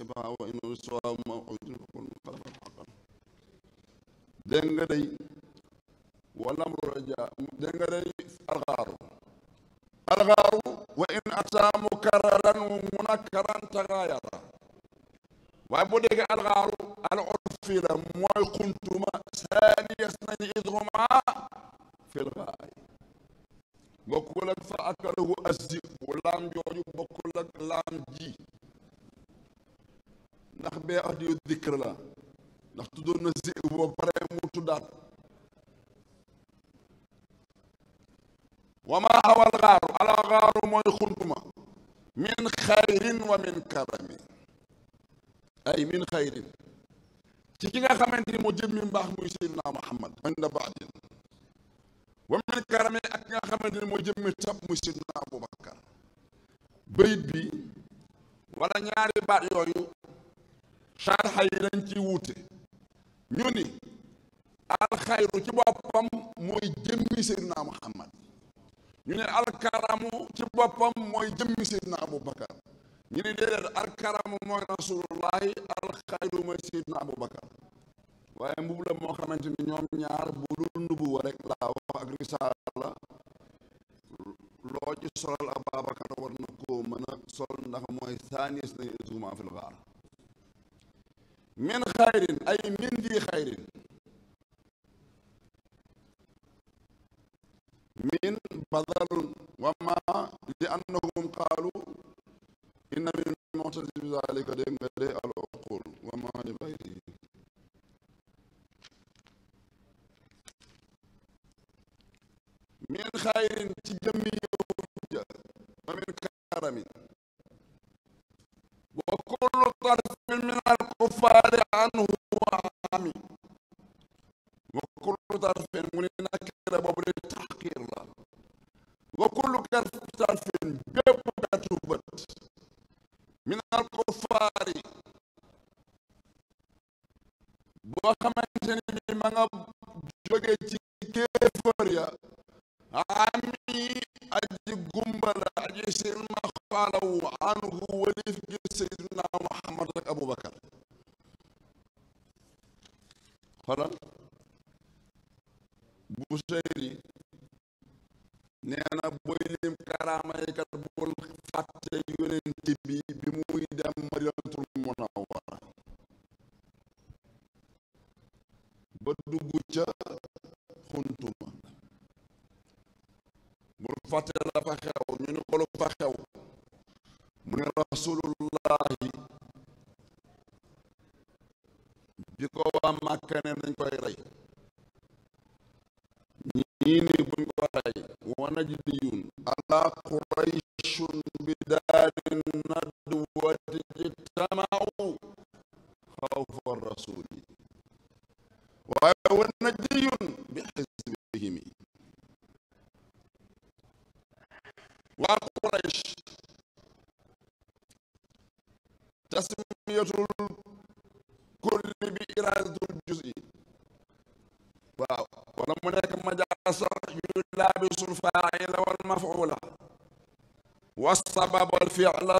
saxibaha wa in uristuha mawxudin fakun qadafat xaqan dégg nga day wala mu raja dégg nga day alxaaru alxaaru wa in ataa mukarraran wa munakkaran tagaayara waaye boo déggee alxaaru al urfi la mooy xuntuma saaniyas nañ idhuma fi lxaay bokkul ak fa akalahu asdi laam jooju bokkul ak laam ji ndax bee adiyu dikr la ndax tuddoon na zi boo paree mu tuddaat wa ma awal xaaru ala xaaru mooy xuntuma min xayrin wa min karami ay min xayrin ci ki nga xamante ni moo jëmmi mbaax muy seydina muhammad inda baadin wa min karami ak ki nga xamante ni moo jëmmi tab muy seydina abubakar bayit bi wala ñaari baat yooyu sharxa yi dañ ci wuute ñu ni alxayru ci boppam mooy jëmmi seydina muhammad ñu ne alkaramu ci boppam mooy jëmmi seydina abubakar ñu ne déedéet alkaramu mooy rasulullahi alxayru mooy seydina abubakar waaye mbubu la moo xamante ni ñoom ñaar bu dul nubuwa rek laa wax ak risaala loo ci solal ababakar war na koo mën a sol ndax mooy saanies na isuma fil gaar من خير أي من ذي خير من بدل وما لأنهم قالوا إن من المعتز بذلك دنجل العقول وما لغيره من خير تجمي ومن كرم وكل طرف من الكفار عنه وعامي وكل طرف من نكر باب التحقير وكل طرف باب كتبت من الكفار boo xamante ni bi ma nga jóge ci kéefar ya عمي أجي قنبلة أجي سير ما قالوا عنه ولي في سيدنا محمد لك أبو بكر خلاص بوسيري neena boy lim karaama yi kat bul fàtte yonent bi bi muy dem madinatul munawwara ba dugg ca xuntuma bul fàtte la fa xew ñu ni ko lu fa xew mu ne rasulullahi فعلا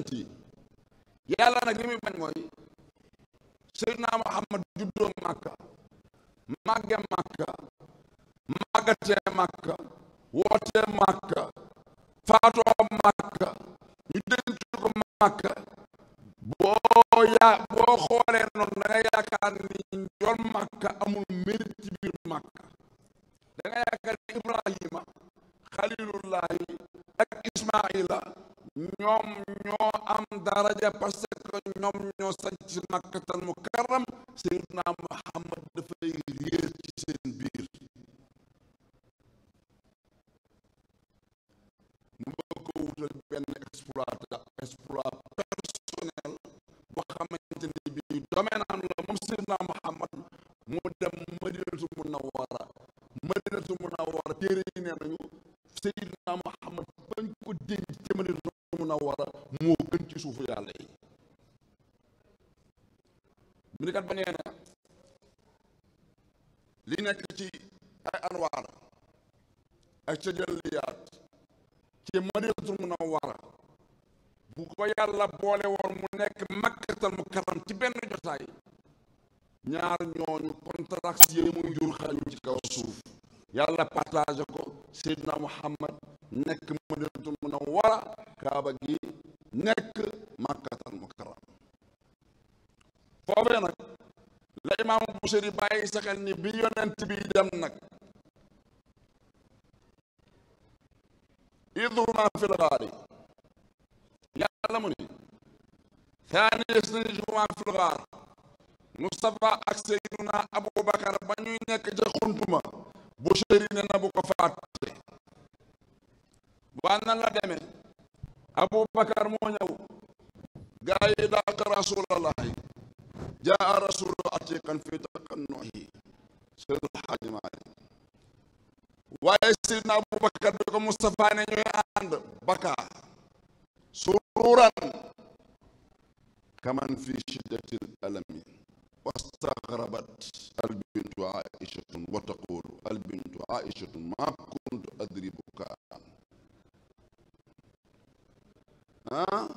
yonent yi na nag li muy ja parce que ñoom ñoo sanc màkkatal mu karam seydina muhammad dafay réer ci seen biir mu bëgg ko wutal benn exploit exploit personnel boo xamante ni bii la moom seydina muhammad mu dem madinatu munawara madinatu munawara téere yi nee nañu seydina muhammad bañ ko denc ca madinatu munawara moo suufu yàlla yi bindikat ba nee na li nekk ci ay anwaar ak ca jëliyaat ci madinatul munawwara bu ko yàlla boole woon mu nekk makkatal mu karam ci benn jotaay ñaar ñooñu contrat yi muy jur xañu ci kaw suuf yàlla partagé ko Seydina Muhammad nekk madinatul munawwara kaaba gi nekk màkkatal mukarram foofee nag la imaamu Busiri bàyyi sa xel ni bi yonent bi dem nag idhuma fil gaari yàlla mu ni thaniya isnayhima fil gaar Mustafa ak Seydina Abubakar ba ñuy nekk ca xuntuma Busiri ne na bu ko waa nan la demee aboubacar moo ñëw gaa yi dàq rasulallahi jaa rasulu atiqan fi taqannuhi seydu xaaji maali waaye sidna aboubacar bi ko moustapha ne ñooy ànd baka sururan kaman fi shiddati l alami واستغربت البنت عائشة وتقول البنت عائشة ما كنت أدري بكاء ah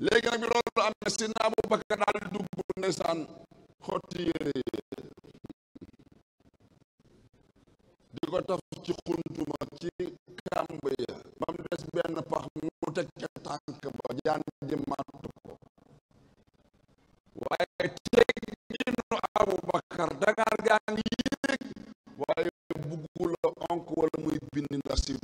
léegi nag bi loolu am si naa daal di dugg ndeysaan xotti eh. di ko taf ci xuntuma ci kàmb ya ba des benn pax mu teg ca tànk ba màtt ko waaye gaa ngi yéeg waaye onk wala muy bind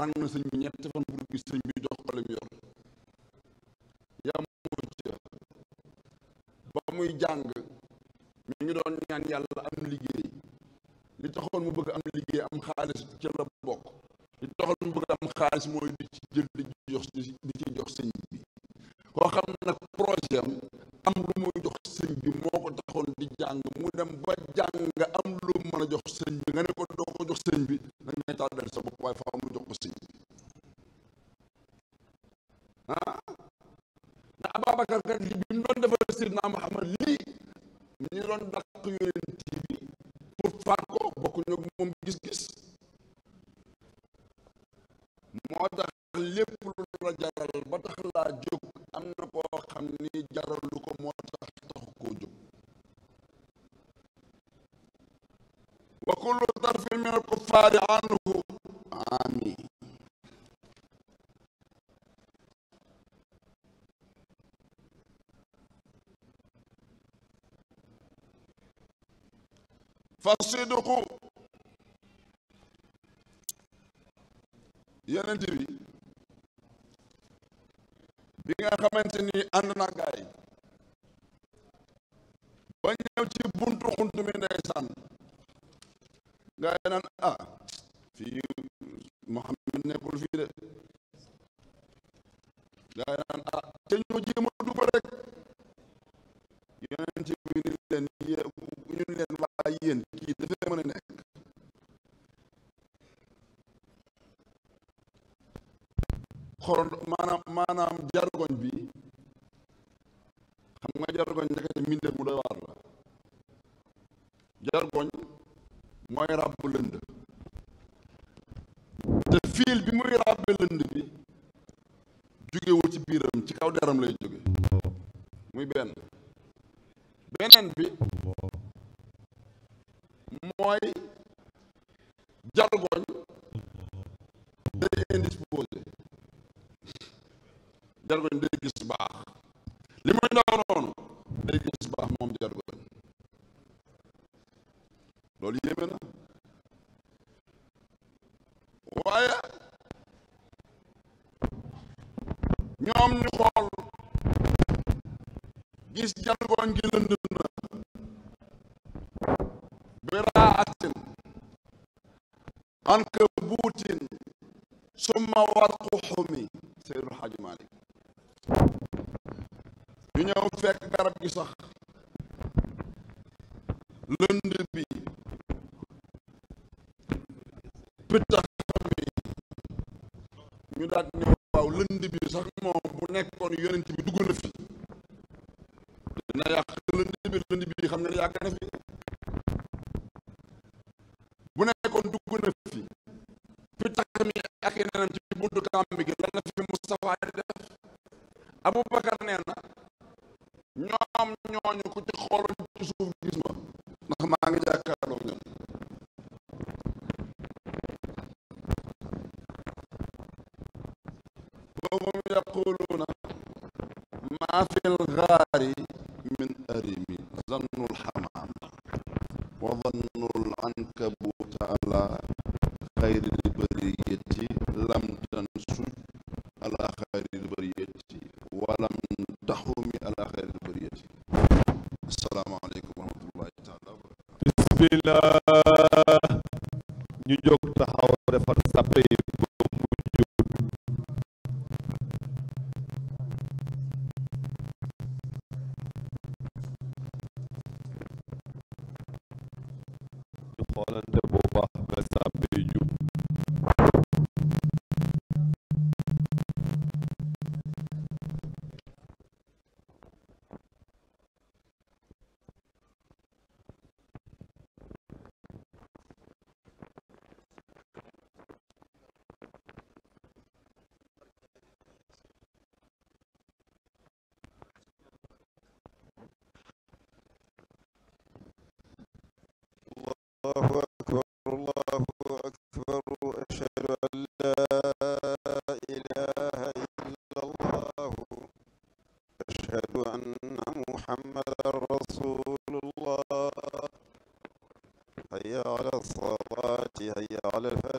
rang na sëñ bi ñetti fan pour gis bi jox ko li mu yor yamoo ca ba muy jàng mu ngi doon ñaan yàlla am liggéey li taxoon mu bëgg am liggéey am xaalis ca la bokk li taxoon mu bëgg am xaalis mooy di ci jël fasidqu yenent bi bi nga xamante ni ànd na gaay mooy ràbb lënd te fiil bi muy ràbbe lënd bi jógewul ci biiram ci kaw deram lay jóge muy benn beneen bi mooy jargo kanam gi lëndëm na biraatin ankabuutin summa warqu xumi Seydul Xaaji Maalik ñu ñëw fekk garab gi sax هيا على الصلاة هيا على الفلاح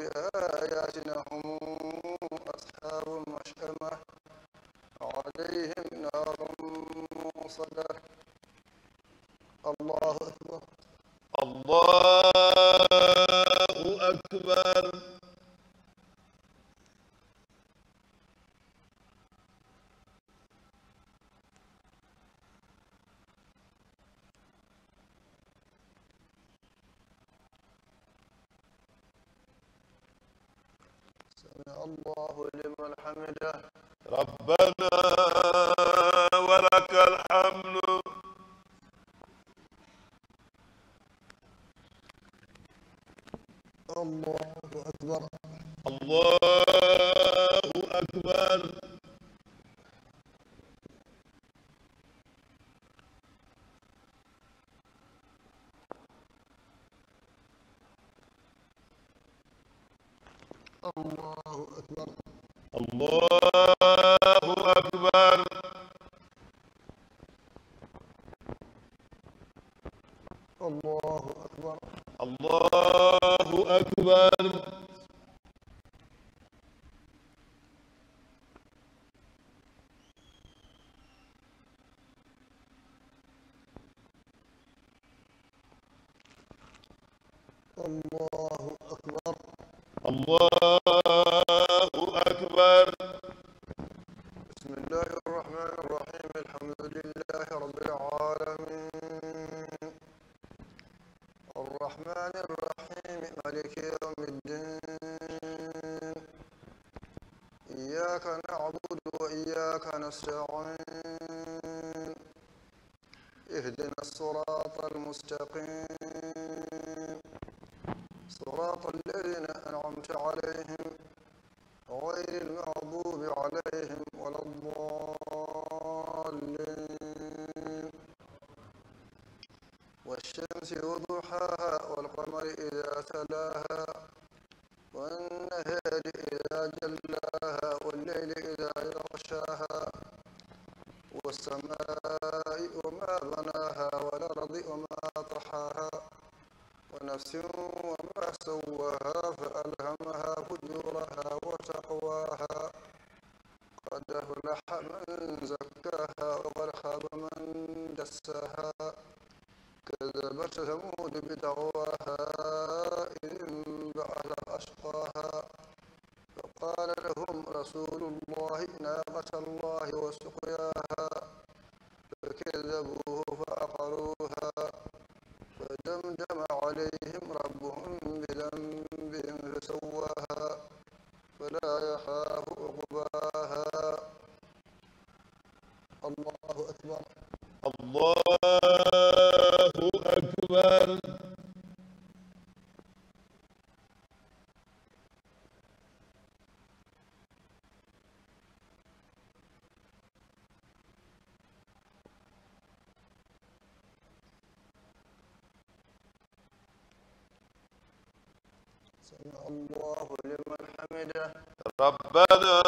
Yeah. все. الله أكبر سمع الله لمن حمده ربنا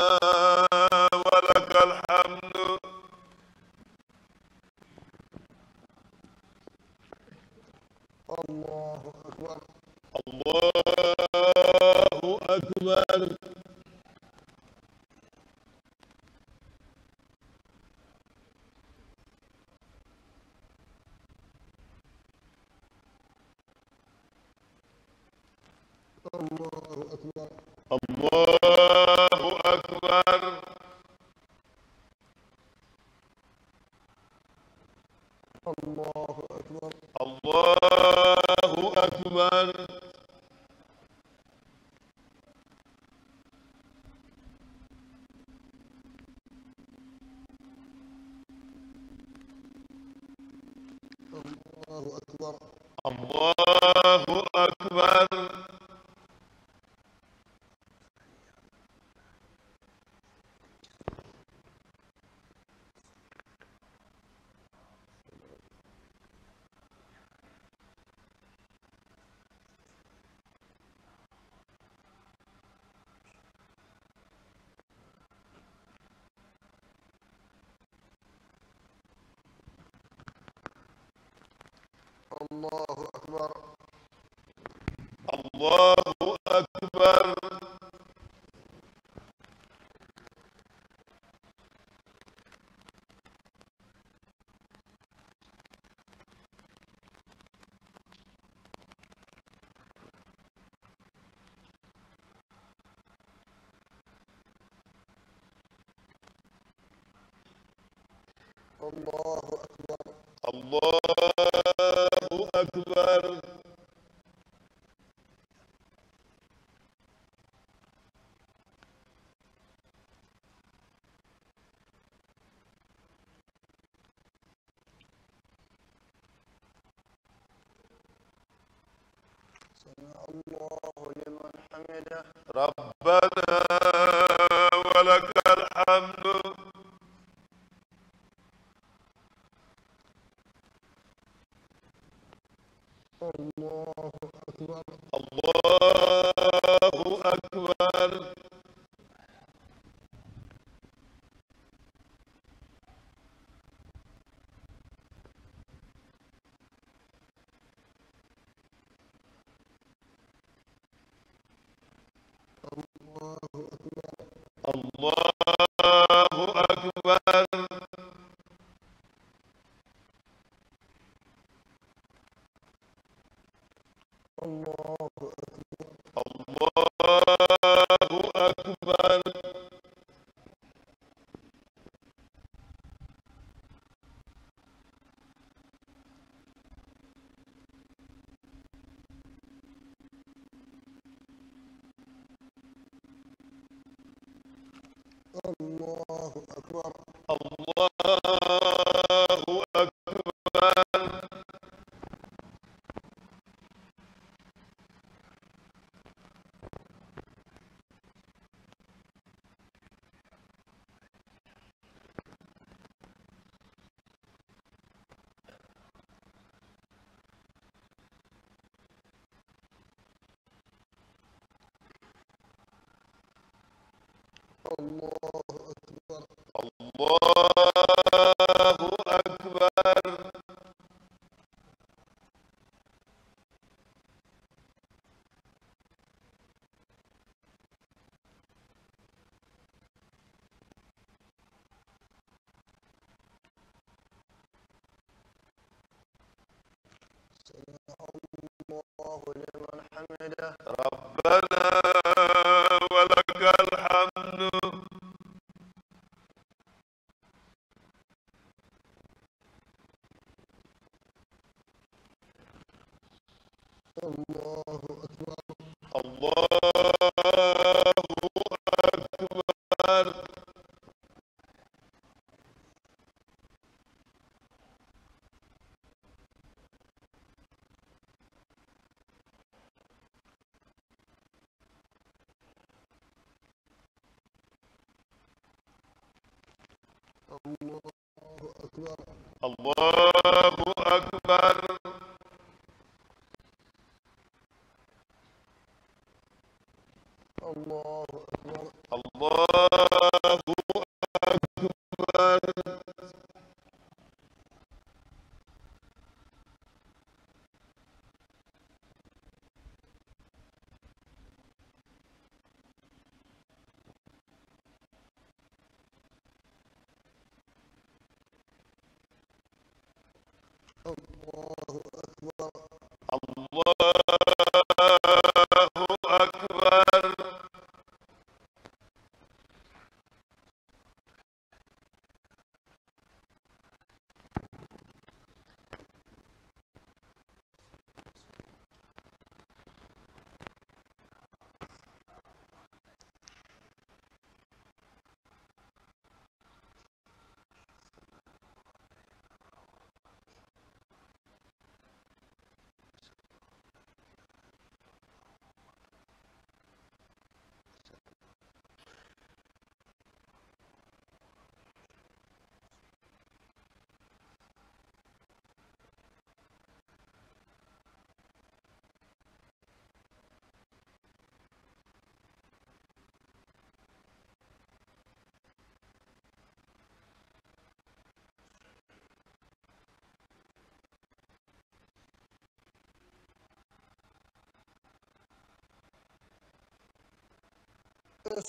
Allah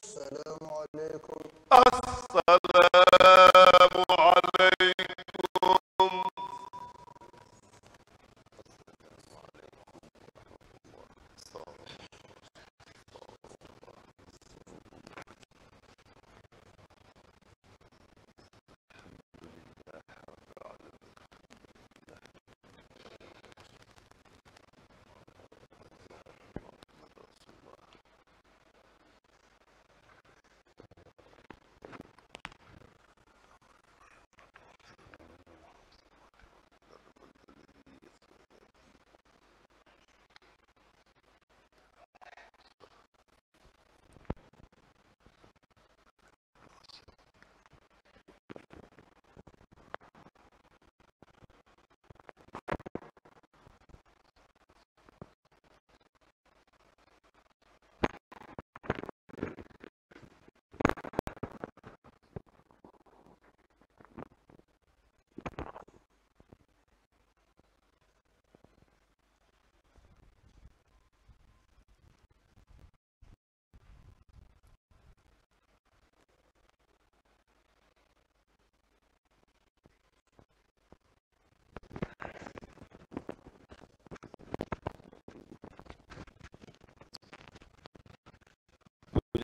person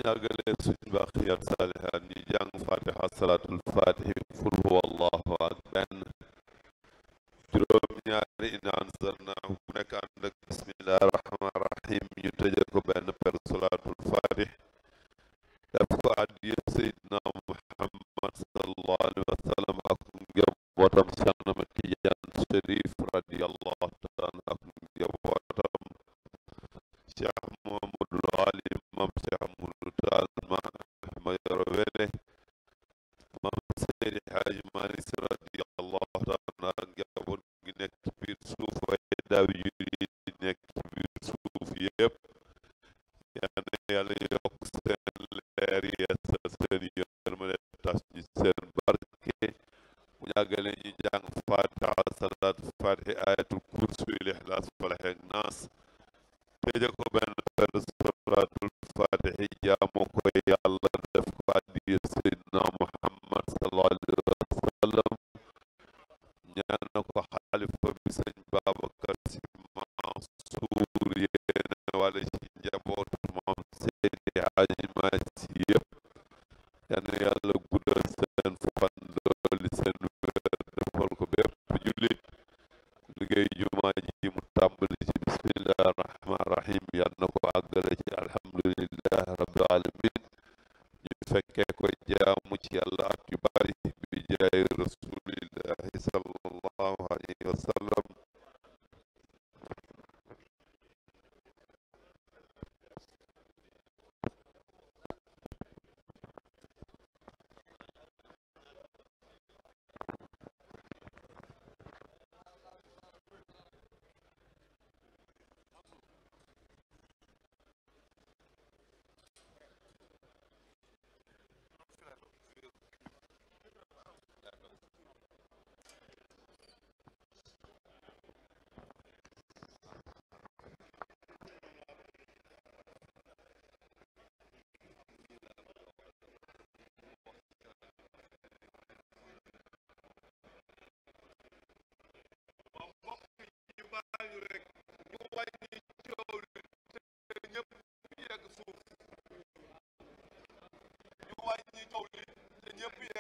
ñagale suñu mbaax yar saalihan ñu jàng fatiha salatul fatihi E,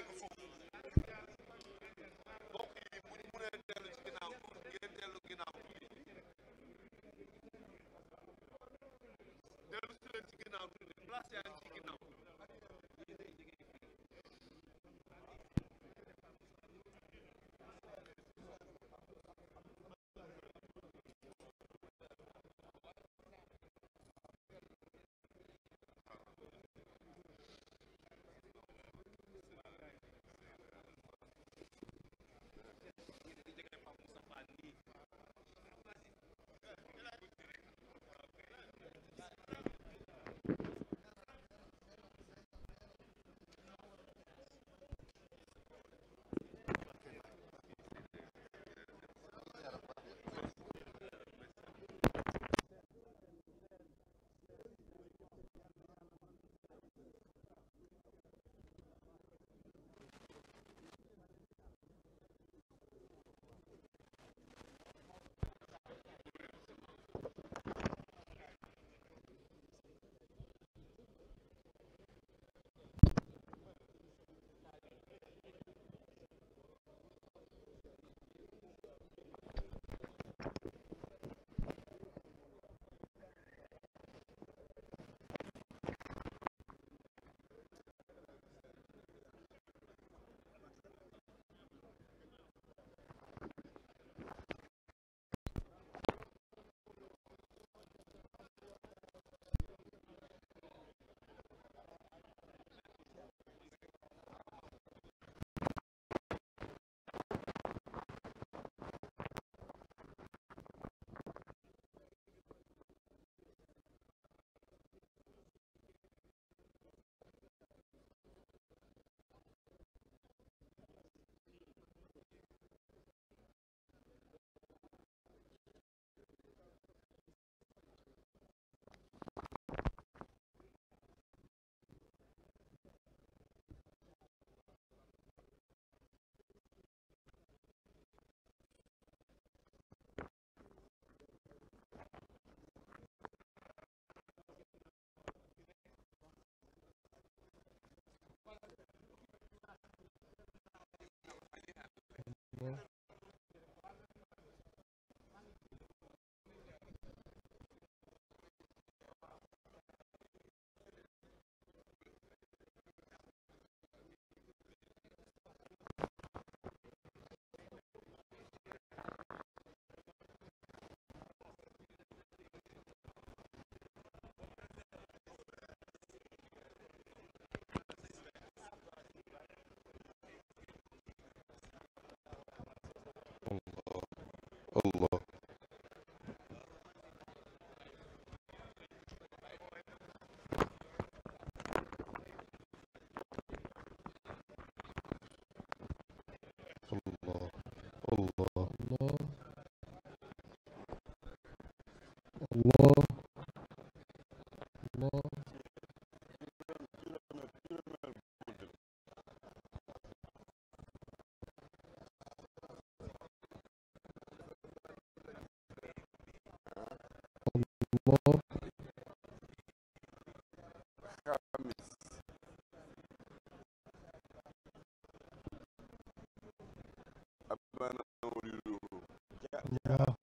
No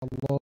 Allah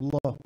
الله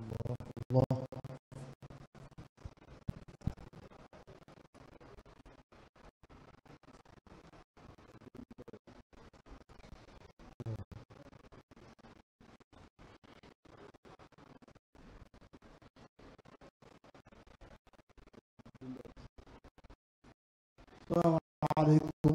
الله الله السلام عليكم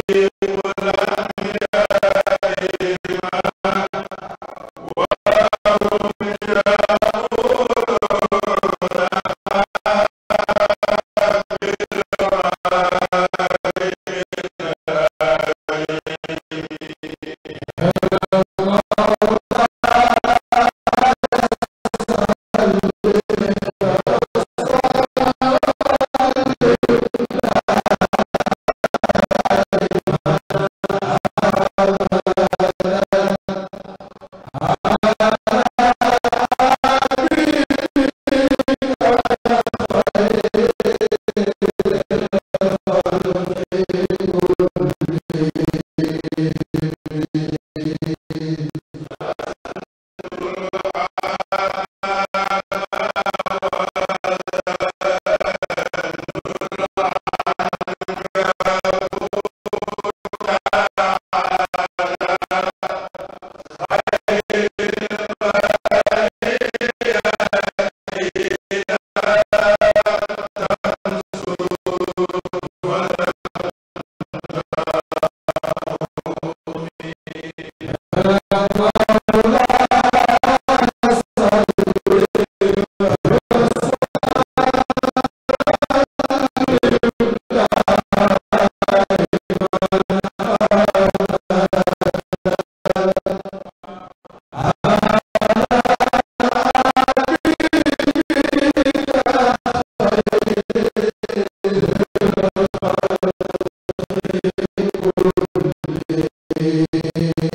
Yeah.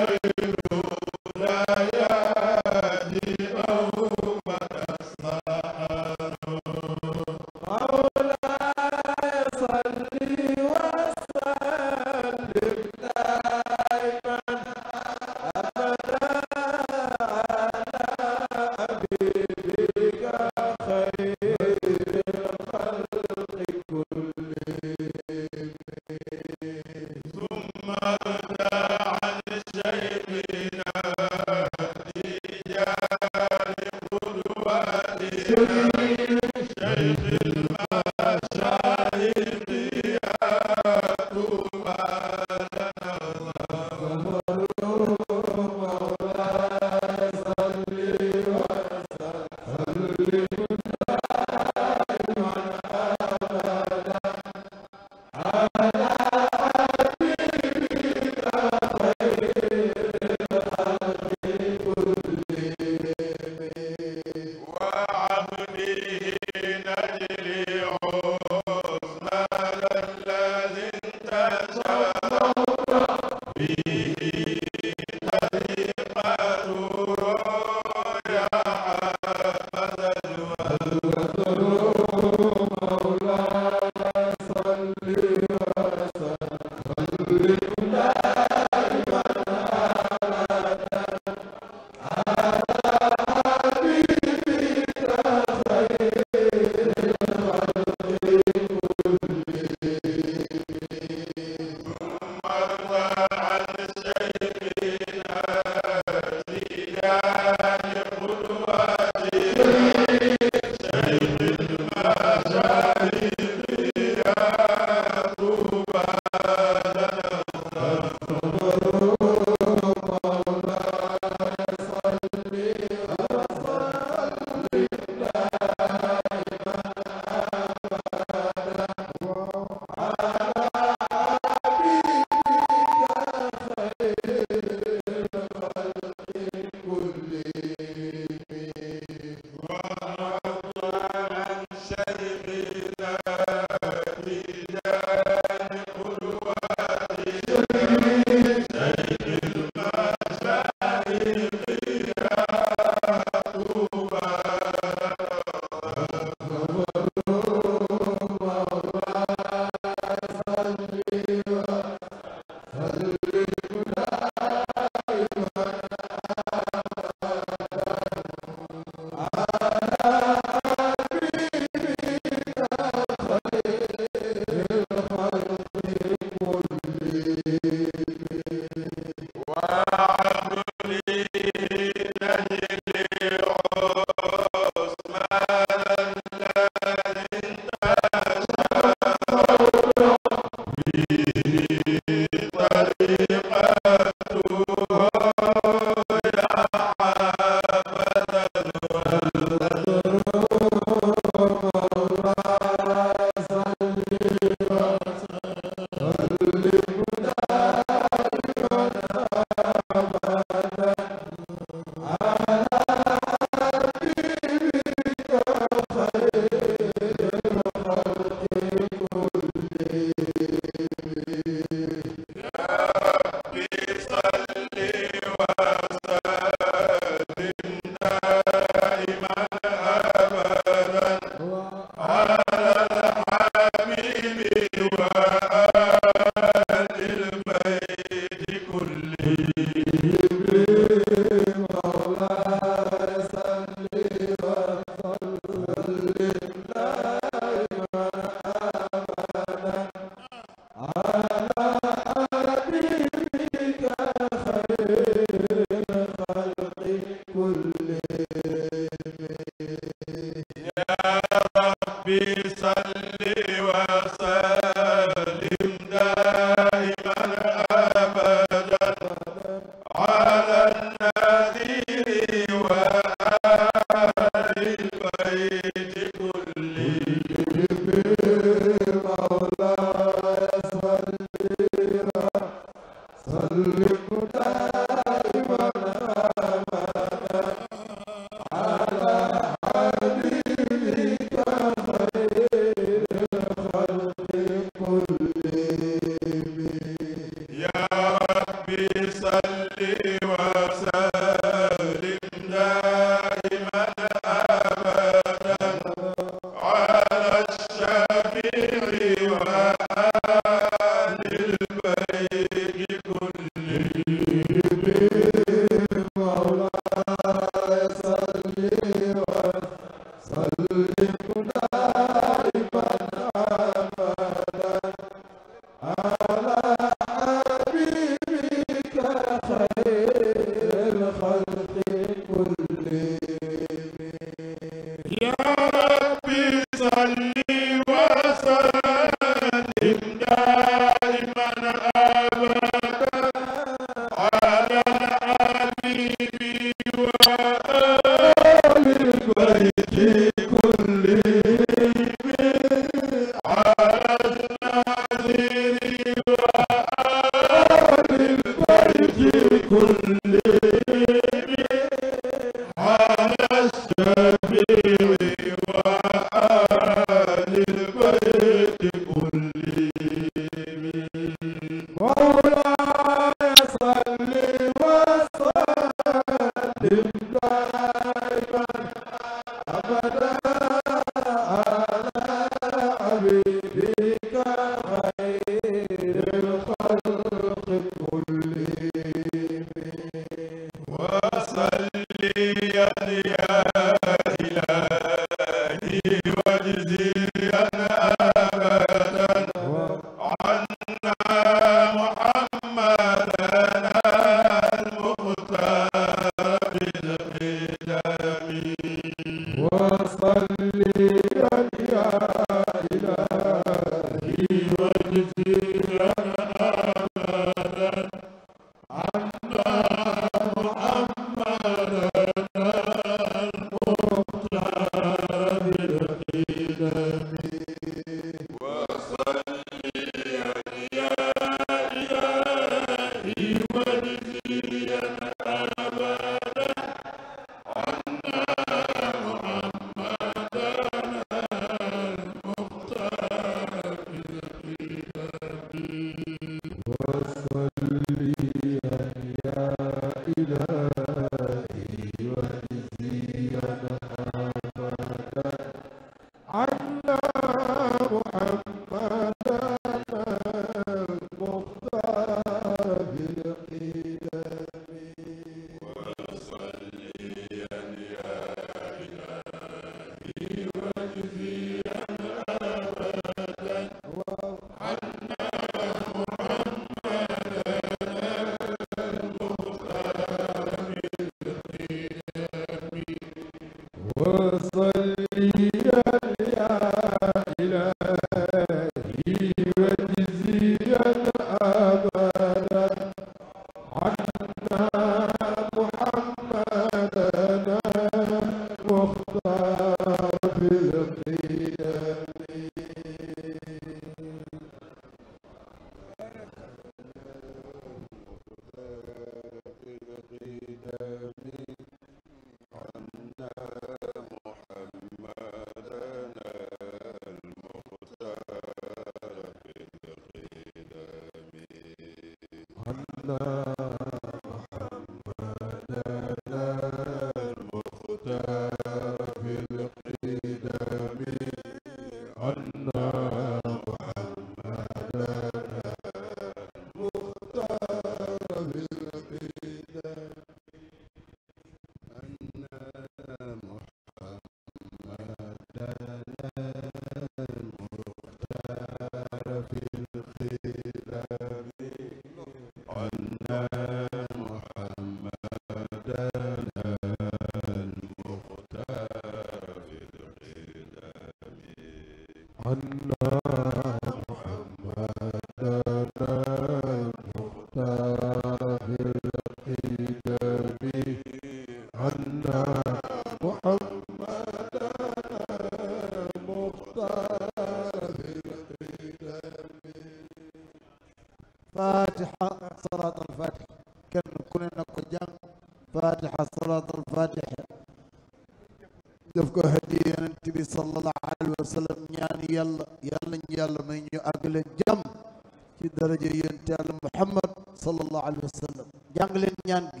ci daraja yonent Yàlla Muhammad sallallahu alayhi wa sallam jàng leen ñaan bi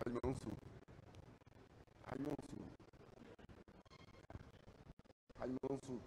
Haj Mansour Haj Mansour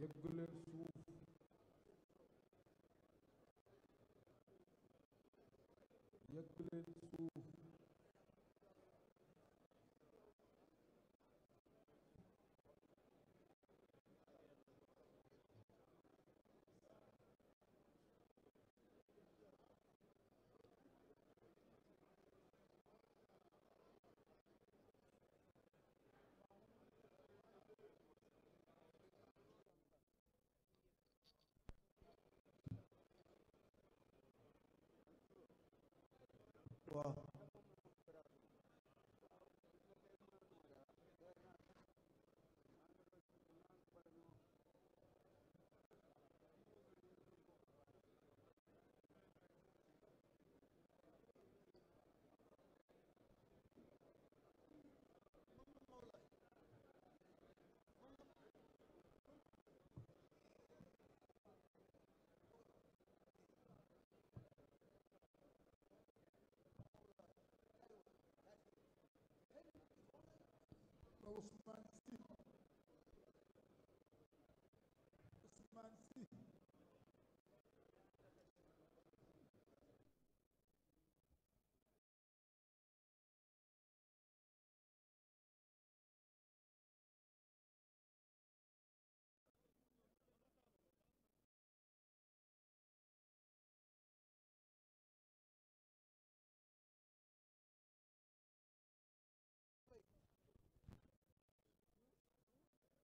yëggu leen Well,